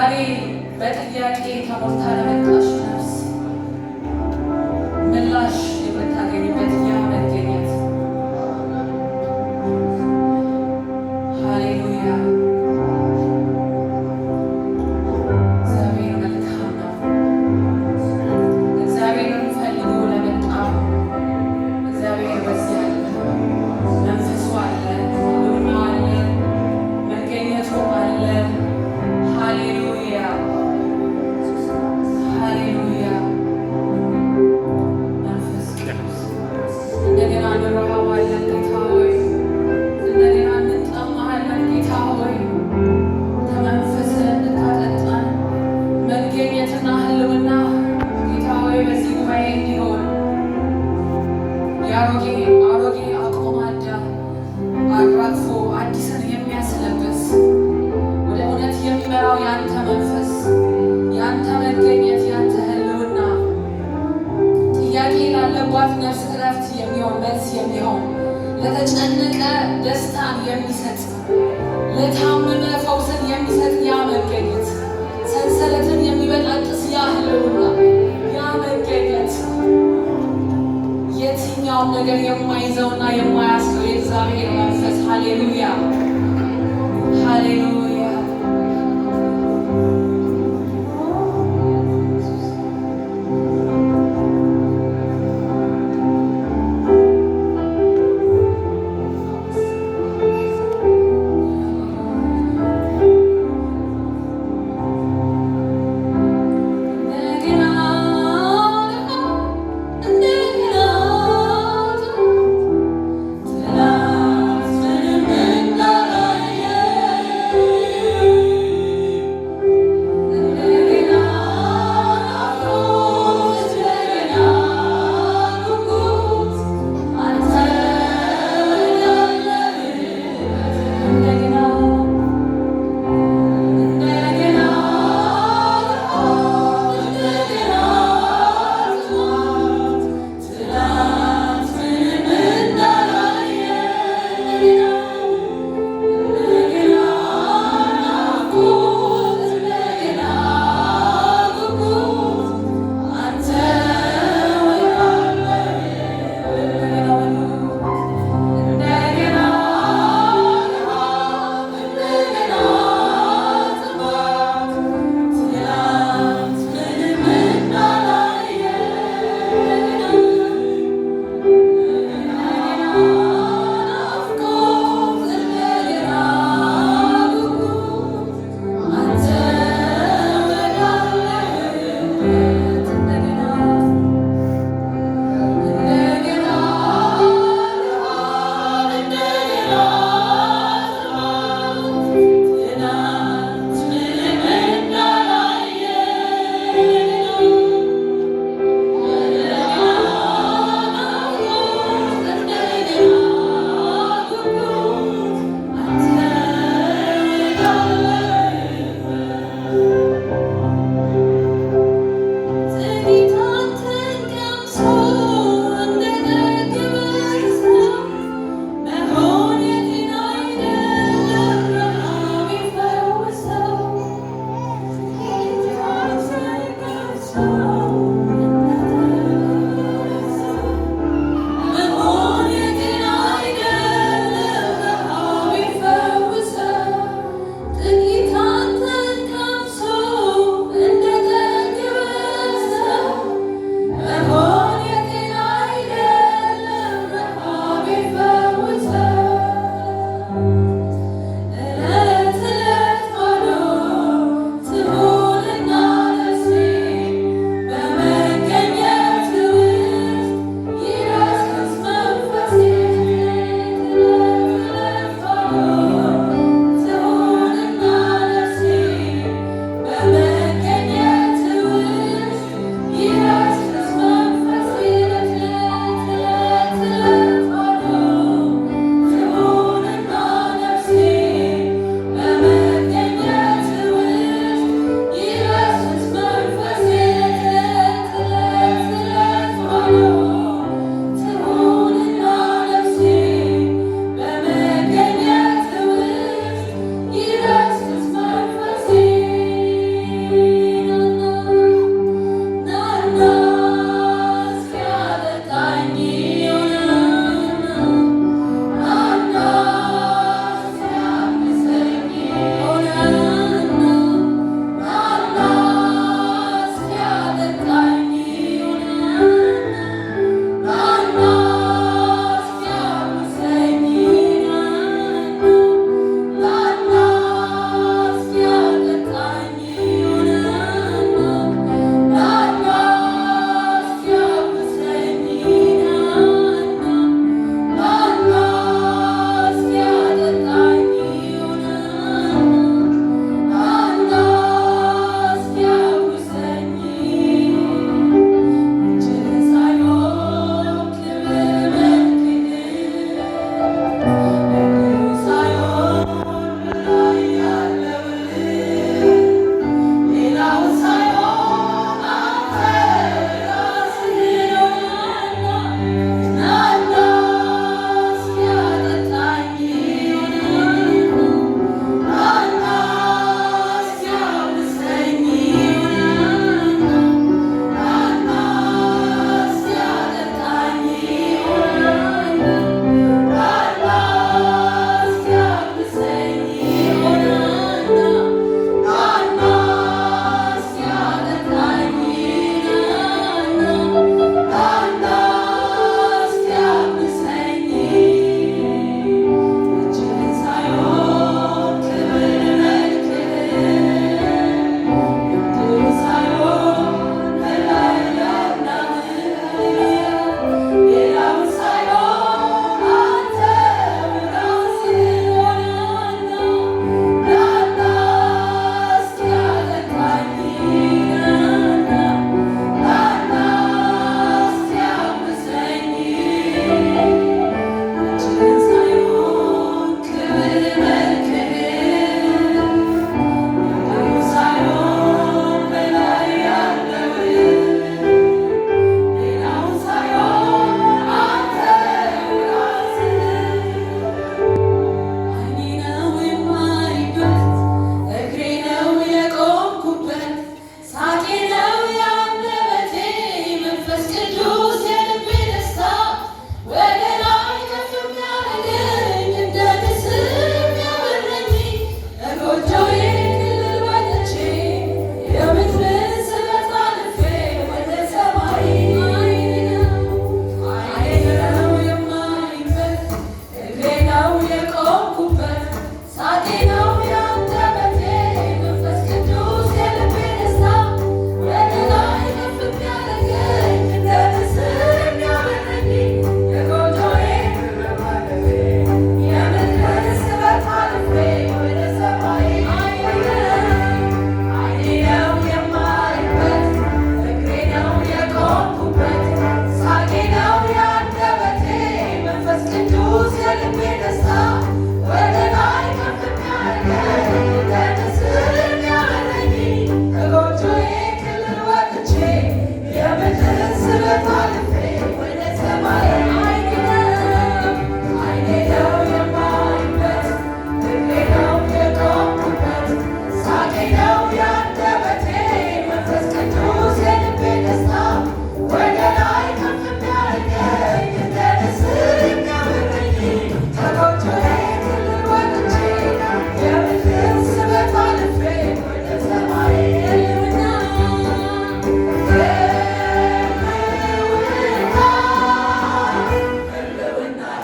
ዛሬ በጥያቄ ተሞልታ ለመጣሽ ነፍስ የአሮጌ አሮጌ አቆማዳ አራግፎ አዲስን የሚያስለብስ ወደ እውነት የሚመራው ያንተ መንፈስ፣ ያንተ መገኘት፣ ያንተ ህልውና ጥያቄ ላለባት ነፍስ እረፍት የሚሆን መልስ የሚሆን ለተጨነቀ ደስታን የሚሰጥ ለታመመ ፈውስን የሚሰጥ ያ መገኘት ሰንሰለትን የሚበጣጥስ ያ ህልውና ማንኛውም ነገር የማይዘውና የማያስረው የእግዚአብሔር መንፈስ ሀሌሉያ ሀሌሉያ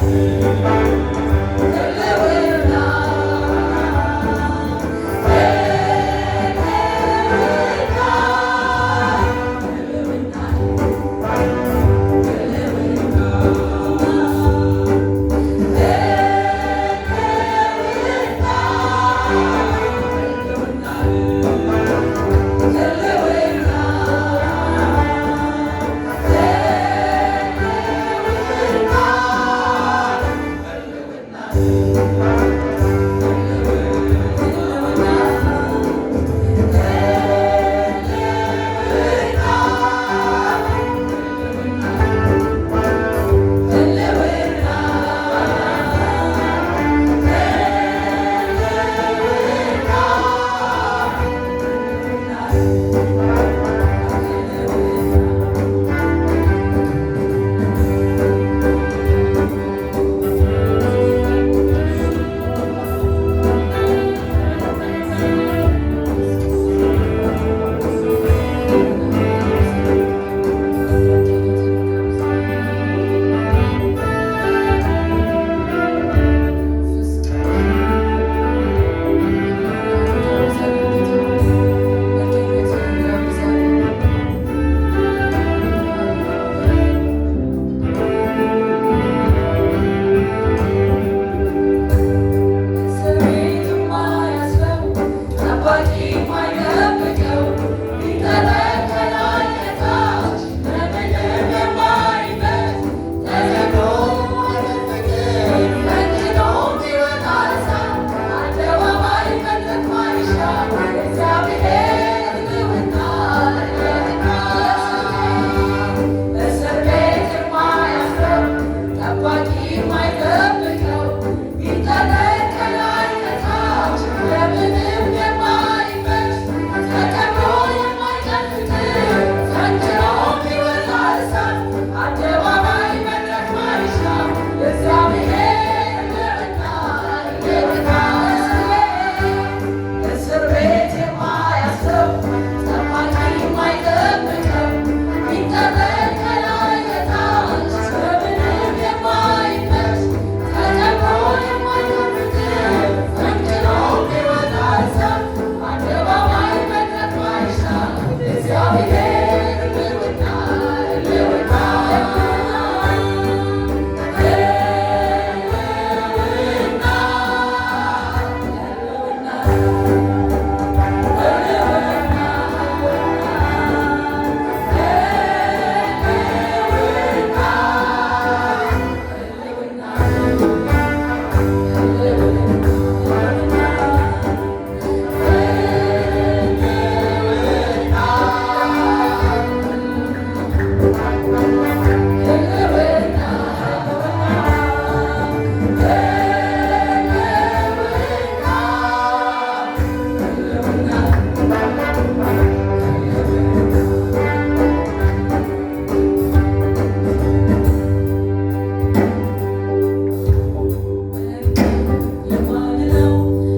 Thank you.